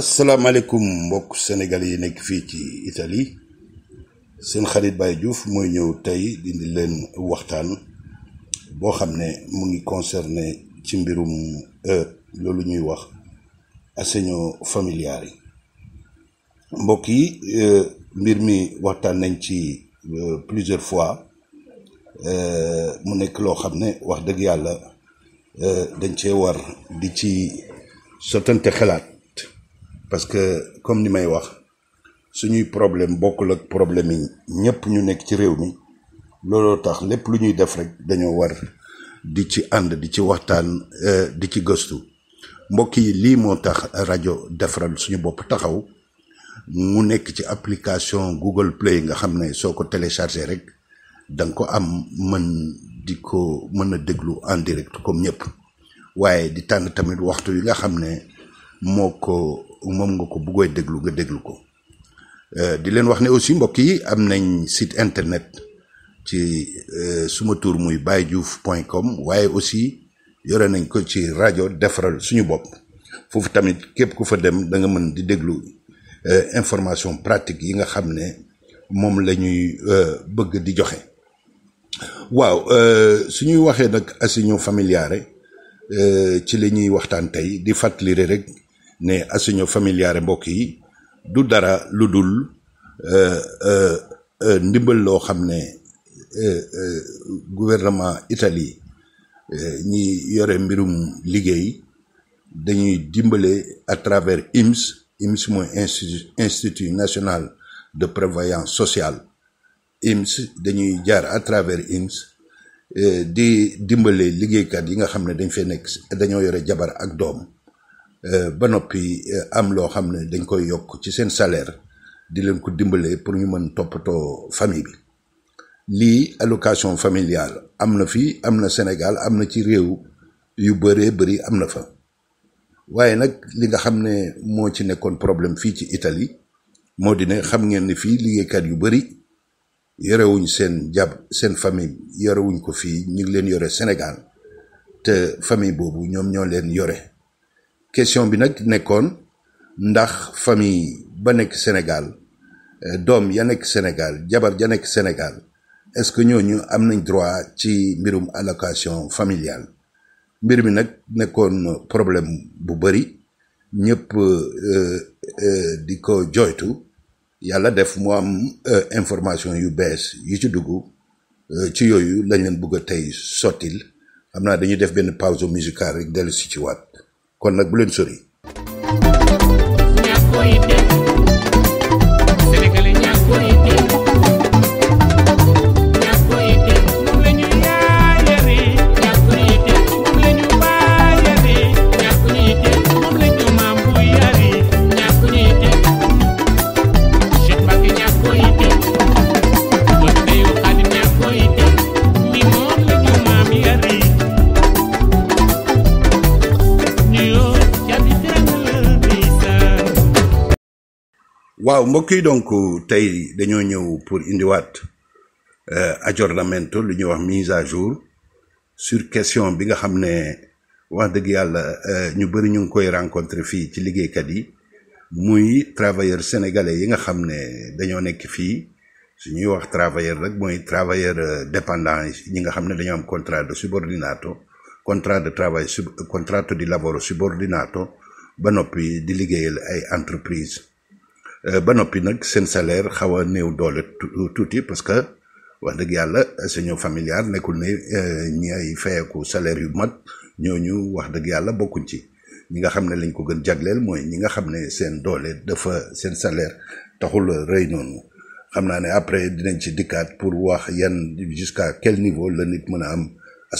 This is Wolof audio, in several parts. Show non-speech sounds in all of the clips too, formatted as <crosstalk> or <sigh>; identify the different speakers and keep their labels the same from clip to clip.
Speaker 1: Salam alaikum, sénégalais yi nekk ci Italie Sen Khalid Baye Diouf ñew tay tey dindi len waxtaan bo xamné mu ngi concerné ci mbirum euh, lolu ñuy wax assegno familiari moki yi euh, mbir mi waxtaan nañ ci euh, plusieurs fois mu nek lo xamné ne wax dëgg euh dañ ci war di ci parce que comme ni may wax suñuy problème bokul ak problème yi ñëpp ñu nekk ci réew mi looloo tax lepp lu ñuy def rek dañoo war di ci and di ci waxtaan euh, di ci gëstu mbokk yi lii moo tax radio defaral suñu bop taxaw mu nekk ci application Google Play nga xam soko télécharger rek dang ko am mën di ko mëna déglu en direct comme ñepp waye di tan tamit waxtu yi nga xam moko moom nga ko buggooy déglu nga déglu ko euh, di leen wax ne aussi mbokk yi am nañ sit internet ci euh, suma tour muy baydiouf point com waaye aussi yore nañ ko ci rajo defaral suñu bopp foofu tamit képp ku fa dem da nga mën di déglu euh, information pratique yi nga xam ne moom la ñuy bëgg di joxe waaw suñuy waxee nag assigno familiare ci la ñuy waxtaan tey di fàttali rek ne assegno familiare mbokk yi du dara lu dul euh, euh, euh, ndimbal loo xam ne gouvernement Italie ñi yore mbirum liggéey dañuy dimbale à travers IMS IMS mooy institut national de prévoyance sociale IMS dañuy jaar à travers IMS di dimbale liggéeykat yi nga xam ne dañ fee nekk dañoo yore jabar ak doom euh, ba noppi euh, am loo xam ne dañ koy yokk ci seen salaire di leen ko dimbale pour ñu mën toppatoo famille bi lii allocation familiale am na fii am na Sénégal am na ci réew yu bëree bëri am na fa waaye nag li nga xam ne moo ci nekkoon problème fii ci Italie moo di ne xam ngeen ni fii liggéeykat yu bëri yorewuñ seen jàpp seen famille yorewuñ ko fii ñu ngi leen yore Sénégal te famille boobu ñoom ñoo leen yore question bi nag nekkoon ndax famille ba nekk Sénégal euh, doom ya nekk Sénégal jabar ja nekk Sénégal est-ce que ñoo ñooñu am nañ droit ci mbirum allocation familiale mbir mi nag nekkoon problème bu bëri ñëpp euh, euh, di ko joytu yàlla def mu am information yu bees yu ci dugg ci yooyu lañ leen bëgg tey sottil xam naa dañuy def benn pause musicale rek dellu si ci waat kon nag bu leen sori waaw mbokk yi donc tey dañoo ñëw pour indiwaat euh, aggiornamento li ñuy wax mise à jour sur question bi nga xam ne wax dëgg yàlla euh, ñu bëri ñu ngi koy rencontré fii ci liggéeykat yi muy travailleur sénégalais yi nga xam ne dañoo nekk fii su ñuy wax travailleur rek mooy travailleur euh, dépendant ñi nga xam ne dañoo am contrat de subordinato contrat de travail sub contratto di lavoro subordinato ba noppi di liggéeyal ay entreprise euh, ba noppi nag seen salaire xawa new néew doole euh, tuuti parce que wax dëgg yalla suñu familial nekul ne euh, ñi ay fayeeku salaire yu mat ñooñu wax dëgg yalla bokkuñ ci ñi nga xamne lañ ko gën jagleel moy ñi nga xamne sen seen doole dafa sen salaire taxul reuy noonu xamna naa ne après dinañ ci dikkaat pour wax yan jusqu'à quel niveau le nit mëna a am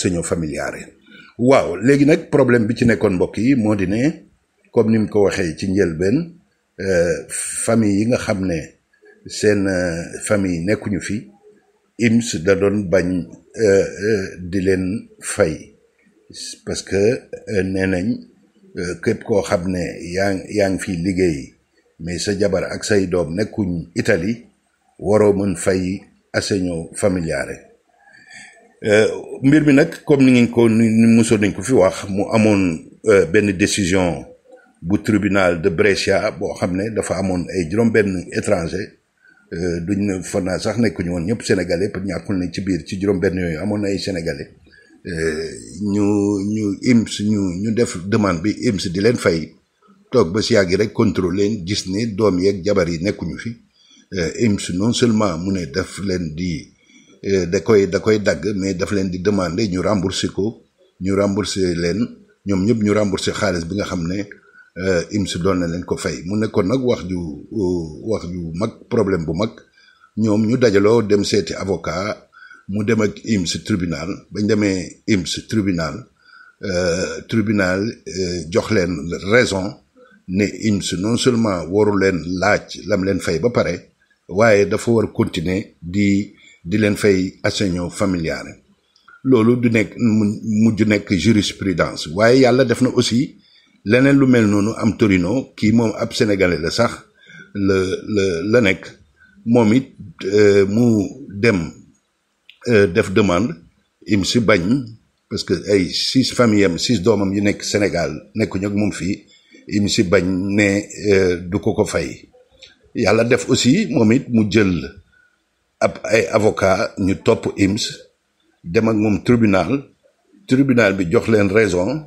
Speaker 1: suñu familial waaw légui nak problème bi ci nekkon mbokk yi moo di ne comme nim ko waxee ci ben famille yi nga xam ne seen euh, famille nekkuñu fi IMS da doon bañ euh, euh, di leen fay parce que nee nañ képp koo xam ne yaa yaa ngi fi liggéey mais sa jabar ak say doom nekkuñ Italie waroo mën fay assegno familiare mbir mi nag comme ni ngeen ko ni mosoon nañ ko fi wax mu amoon benn décision bu tribunal de Brescia bo xamné dafa amone ay juróom-benn étranger euh, duñ ne fan sax nekkuñu ñëpp sénégalais pour ñakul ne ci biir ci juróom-benn yooyu ay sénégalais euh, ñu ñu IMS ñu ñu def demande bi IMS di leen fay tok ba si yàgg rek contrôler leen gis ne doom yeeg jabar yi nekkuñu fi euh, IMS non seulement mu ne def leen di da koy da koy mais daf leen di demander ñu rembourser ko ñu rembourser leen ñom ñëpp ñu rembourser xaalis bi nga xam euh, IMS doon na leen ko fay mu nekkoon nag wax ju uh, wax ju mag problème bu mag ñoom ñu dajaloo dem seeti avocat mu dem ak tribunal bañ demee IMS tribunal euh, tribunal euh, jox leen raison ne IMS non seulement waru leen laaj lam leen fay ba pare waaye dafa war continuer di di leen fay assegno familiare loolu du nekk mujj nekk jurisprudence waaye yàlla def na aussi leneen lu mel noonu am Torino kii moom ab sénégalais la sax le le la nekk moom euh, mu dem euh, def demande im si bañ parce que ay six famille am six doomam yu nekk Sénégal nekkuñu ak moom fii im si bañ ne euh, du ko ko fay yàlla def aussi moom it mu jël ab ay avocat ñu topp IMS dem ak moom tribunal tribunal bi jox leen raison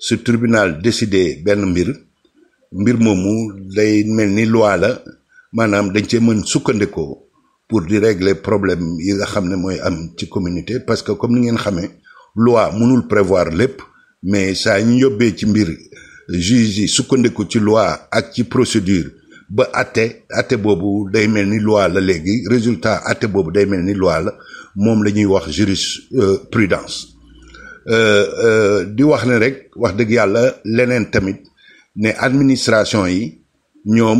Speaker 1: Ce tribunal décidé ben mbir mbir moomu day melni loi la manam dañ ci pour di régler problème yi nga am communauté parce que comme ni ngeen xamé loi mënul prévoir lepp mais ça ñobé ci mbir juge ci loi ak ci procédure ba les até bobu day melni loi la légui résultat até bobu day melni loi la jurisprudence euh, euh, di wax ne rek wax dëgg yàlla leneen tamit ne administration yi ñoom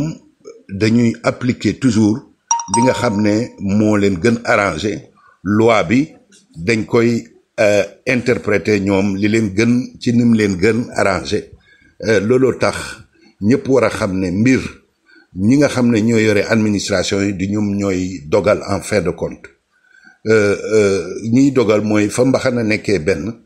Speaker 1: dañuy appliquer toujours li nga xam ne moo leen gën arranger loi bi dañ koy euh, interpréter ñoom li leen gën ci nim leen gën arranger looloo tax ñëpp war a xam ne mbir ñi nga xam ne ñoo yore administration yi di ñoom ñooy dogal en fin de compte ñiy dogal mooy fa mbaxana nekkee benn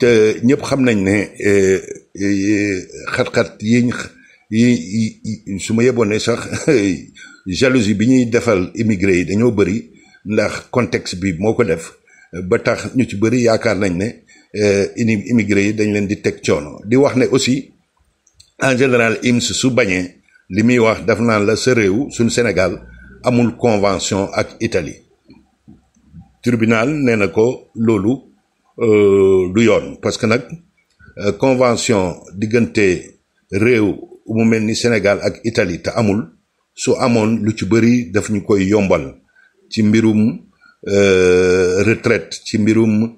Speaker 1: te ñëpp xam nañ ne euh, euh, xat-xat yiñ yi su ma yebone sax <laughs> jalousie bi ñuy defal immigré yi dañoo bëri ndax contexte bi moo ko def ba tax ñu ci bëri yaakaar nañ ne euh, immigré yi dañ leen di teg coono di wax ne aussi en général IMS su bañee li muy wax daf naan la sa réew suñ Sénégal amul convention ak Italie tribunal nee na ko loolu lu euh, yoon parce que nag euh, convention diggante réew mu mel ni Sénégal ak Italie te amul su amoon lu ci bëri daf ñu yombal ci mbirum euh, retraite ci mbirum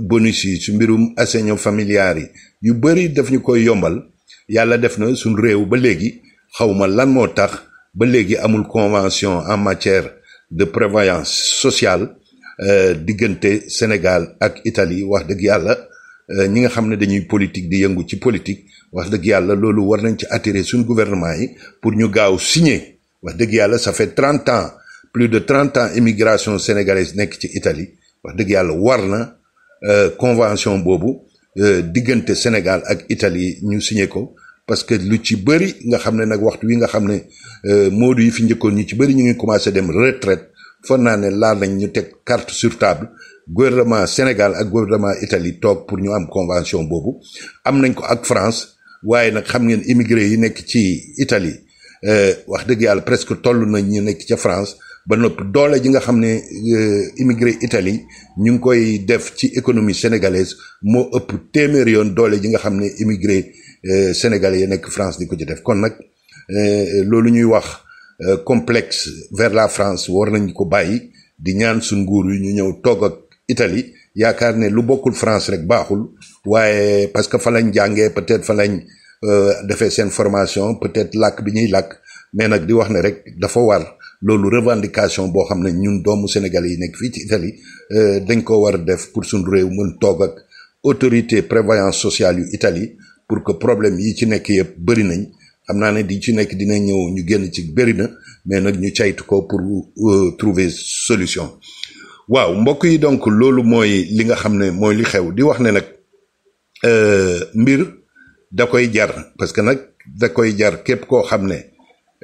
Speaker 1: bonus yi ci mbirum assainissement familial yu bëri daf ñu yombal yàlla def na suñ réew ba léegi xawma lan moo tax ba léegi amul convention en matière de prévoyance sociale euh, diggante Sénégal ak Italie wax dëgg yàlla euh, ñi nga xam ne dañuy politique di yëngu ci politique wax dëgg yàlla loolu war nañ ci attirer suñu gouvernement yi pour ñu gaaw signer wax dëgg yàlla ça fait 30 ans plus de 30 ans immigration sénégalaise nekk ci Italie wax dëgg yàlla war na euh, convention boobu diggante Sénégal ak Italie ñu signer ko parce que lu ci bëri nga xam ne nag waxtu wi nga xam ne moodu yi fi njëkkoon ñu ci bëri ñu ngi commencé dem retraite foog naa laal nañ ñu teg carte sur table gouvernement Sénégal ak gouvernement Italie toog pour ñu am convention boobu am nañ ko ak France waaye nag xam ngeen immigré yi nekk ci Italie euh, wax dëgg yàlla presque toll nañ ñu nekk ca France ba noppi doole ji nga xam ne euh, immigré Italie ñu ngi koy def ci économie sénégalaise moo ëpp téeméer yoon doole ji nga xam ne immigré euh, sénégalais yi nekk France di ko ci def kon nag loolu ñuy wax. Euh, complexe vers la France war nañ ko bàyyi di ñaan suñ nguur yu ñu ñëw toog ak Italie yaakaar ne lu bokkul France rek baaxul waaye parce que fa lañ jàngee peut-être fa lañ euh, defee seen formation peut-être làkk bi ñuy làkk mais nag di wax ne rek dafa war loolu revendication boo xam ne ñun doomu Sénégal yi nekk fii ci Italie euh, dañ ko war a def pour suñu réew mën toog ak autorité prévoyance sociale yu Italie pour que problème yi ci nekk yëpp bari nañ am naa ne di ci nekk dina ñëw ñu génn ci bëri na mais nag ñu caytu ko pour euh, trouver solution waaw mbokk yi donc loolu mooy li nga xam ne mooy li xew di wax ne nag euh, mbir da koy jar parce que nag da koy jar képp koo xam ne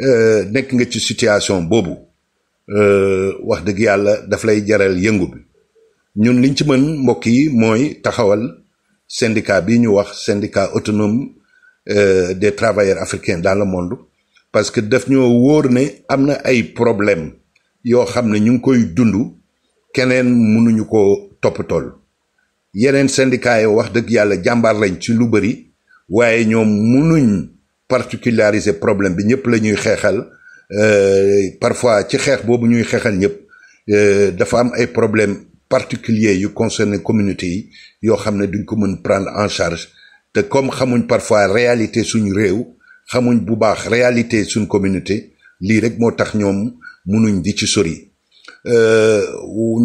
Speaker 1: euh, nekk nga ci situation boobu wax dëgg yàlla daf lay jaral yëngu bi ñun liñ ci mën mbokk yi mooy taxawal syndicat bi ñu wax syndicat autonome Euh, des travailleurs africains dans le monde parce que daf ñoo wóor ne am na ay problème yoo xam ne ñu ngi koy dund keneen mënuñu ko toppatool yeneen syndicat yi wax dëgg yàlla jàmbaar lañ ci lu bëri waaye ñoom mënuñ particulariser problème bi ñëpp la ñuy xeexal euh, parfois ci xeex boobu ñuy xeexal ñëpp euh, dafa am ay problème particulier yu concerné communauté yi yoo xam ne duñ ko mën prendre en charge te comme xamuñ parfois réalité suñu réew xamuñ bu baax réalité suñ communauté li rek moo tax ñoom munuñ di ci sori euh,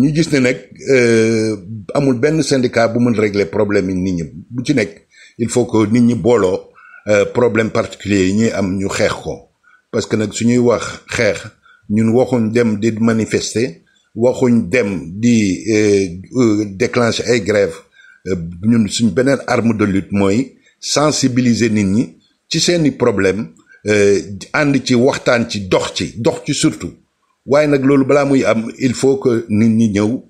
Speaker 1: ñu gis ne nag euh, amul benn syndicat bu mën régler problème yi nit ñi bu ci nekk il faut que nit ñi booloo euh, problème particulier yi ñuy am ñu xeex ko parce que nag suñuy wax xeex ñun waxuñ dem di manifester waxuñ dem di déclencher ay grève euh, ñun suñ benen arme de lutte moy sensibiliser nit ñi ci seeni problème and euh, ci waxtaan ci dox ci dox ci surtout waaye nak lolu bala muy am il faut que nit ñi ñëw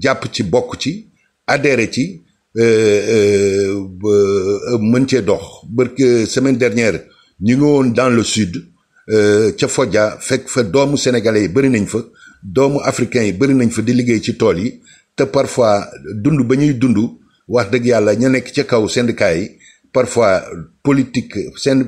Speaker 1: japp ci bok ci adhéré ci euh, mën cee dox barke semaine dernière ñi ngi dans le sud ca Fodja fek fa doomu sénégalais yi bëri nañ fa doomu africains yi bëri nañ fa di liggéey ci tool yi te parfois dund ba ñuy dund wax dëgg yàlla ñu nekk ca kaw syndicat yi parfois politique sen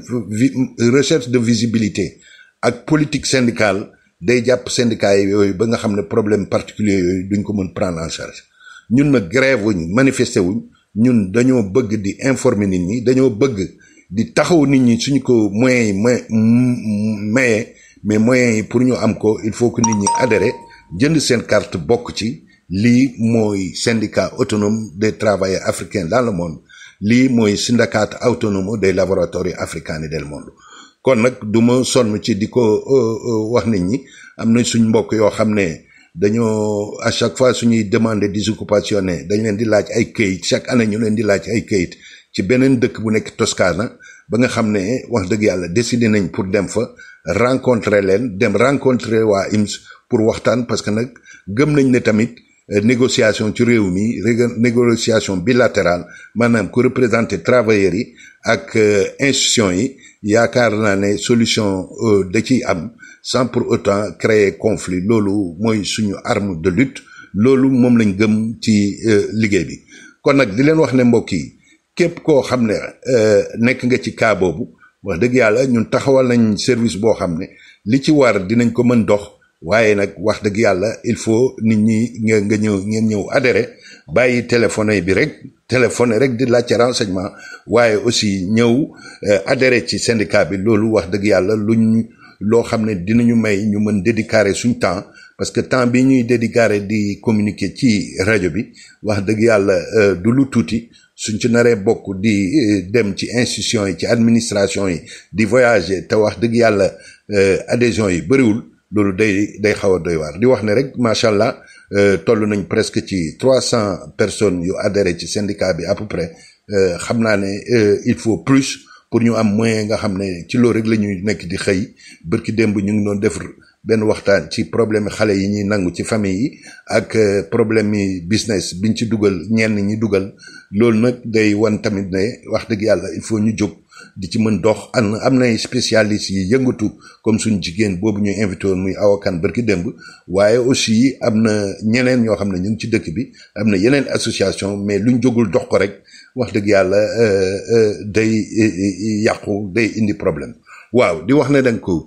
Speaker 1: recherche de visibilité ak politique syndicale day jàpp syndicat yi yooyu ba nga xam ne problème particulier yooyu duñ ko mën prendre en charge ñun nag grève wuñ manifester wuñ ñun dañoo bëgg di informer nit ñi dañoo bëgg di taxaw nit ñi suñu ko moyen yi maye mais moyen yi pour ñu am ko il faut que nit ñi adhérer jënd seen carte bokk ci lii mooy syndicat autonome des travailleurs africains dans le monde lii mooy syndicat autonome des laboratori africani del monde kon nag du ma sonn ci di ko euh, euh, wax nit ñi am na suñ mbokk yoo xam ne dañoo à chaque fois suñuy demande disoccupationné dañ leen di laaj ay këyit chaque année ñu leen di laaj ay këyit ci beneen dëkk bu nekk Toscana ba nga xam ne wax dëgg yàlla décidé nañ pour dem fa rencontrer leen dem rencontrer waa IMS pour waxtaan parce que nag gëm nañ ne tamit Euh, négociation ci réew mi négociation bilatérale maanaam ku travailleurs yi ak euh, institutions yi yaakaar naa ne solution euh, da ciy am sans pour autant créer conflit loolu mooy suñu arme de lutte loolu moom lañ gëm ci liggéey bi kon nag di leen wax ne mbokk yi képp koo xam ne nekk nga ci cas boobu wax dëgg yàlla ñun taxawal nañ service boo xam li ci war dinañ ko mën dox waaye nag wax dëgg yàlla il faut nit ñi nga nga ñëw ngeen ñëw adhéré bàyyi téléphoné bi rek téléphone rek di laajte renseignement waaye aussi ñëw euh, adhéré ci syndicat bi loolu wax dëgg yàlla luñ loo xam ne dinañu may ñu mën dédicaré suñ temps parce que temps bi ñuy dédicaré di communiquer ci rajo bi wax dëgg yàlla euh, du lu tuuti suñ ci naree bokk di euh, dem ci institution yi ci administration yi di voyager te wax dëgg yàlla adhésion yi bëriwul loolu day day xaw a doy waar di wax ne rek macha allah euh, toll nañ presque ci trois cent personnes yu adhéré ci syndicat bi à peu près euh, xam naa ne euh, il faut plus pour ñu am moyen nga xam ne ci loolu rek la ñuy nekk di xëy bërki démb ñu ngi doon def benn waxtaan ci problème xale yi ñuy nangu ci famille yi ak problème yi business biñ ci dugal ñenn ñi dugal loolu nag day wan tamit ne wax dëgg yàlla il faut ñu jóg. di ci mën dox am am nay spécialistes yi yëngatu comme suñ jigéen boobu ñu invité woon muy awakan bërki démb waaye aussi am na ñeneen ñoo xam ne ñu ngi ci dëkk bi am na yeneen association mais luñ jogul dox ko rek wax dëgg yàlla euh, euh, day euh, yàqu day indi problème waaw di wax ne danga ko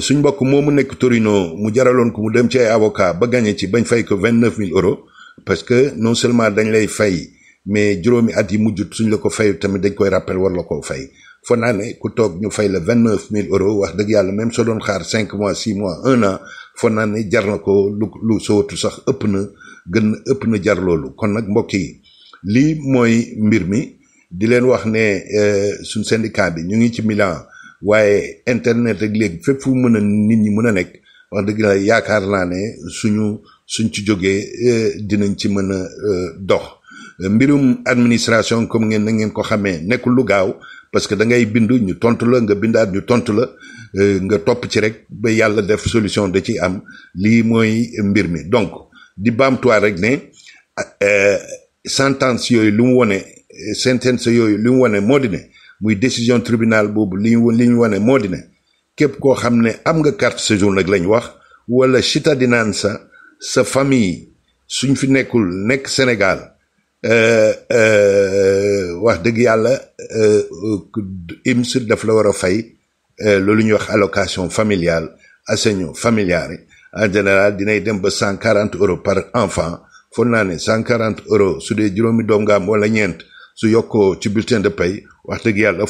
Speaker 1: suñ mbokk moomu nekk Torino mu jaraloon ko mu dem ci ay avocat ba gagné ci bañ fay ko vingt neuf mille euros parce que non seulement dañ lay fay mais juroomi at yi mujj suñ la ko fay tamit dañ koy rappel war la fay foo naa ne ku toog ñu fay euros wax dëgg même soo xaar cinq mois 6 mois 1 an naa ne jar na ko lu lu sootu sax ëpp na gën ëpp na jar loolu kon nag mbokk yi lii mooy mbir mi di leen wax ne euh, suñ Milan internet ak léegi fu a nit ñi mën a wax suñu suñ euh, euh, mbirum administration comme ngeen na ngeen ko xamee nekkul lu gaaw parce que da ngay ñu tontu la nga bindaat ñu tontu la euh, nga topp ci rek ba yàlla def solution da ci am lii mooy mbir mi donc di baamtuwaat rek ne euh, sentence yooyu lu mu wone sentence yooyu li mu wone moo di ne muy décision tribunal boobu li ñu li ñu wone moo di ne képp koo xam ne am nga carte séjour nag lañ wax wala cittadinanza sa sa famille suñ fi nekkul nekk Sénégal Euh, euh, wax dëgg yàlla euh, IMSS daf la allocation familiale assegno familiari en général dinay dem ba euros par enfant foog naa ne euros su dee juróomi doom nga am wala su yokkoo ci bulletin de pay wax dëgg yàlla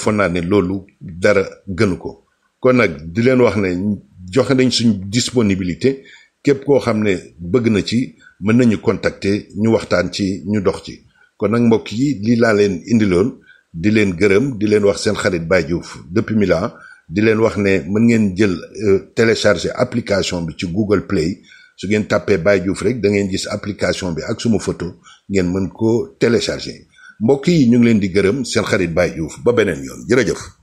Speaker 1: dara gënu di disponibilité képp koo xam ne bëgg na ci mën nañu contacter ñu waxtaan ci ñu dox ci kon nag mbokk yi lii laa leen indiloon di leen gërëm di leen wax seen xarit Baye Diouf depuis Milan di leen wax ne mën ngeen jël euh, télécharger application bi ci Google Play su ngeen tàppee Baye Diouf rek da ngeen gis application bi ak suma photo ngeen mën ko télécharger mbokk yi ñu ngi leen di gërëm seen xarit Baye Diouf ba beneen yoon jërëjëf.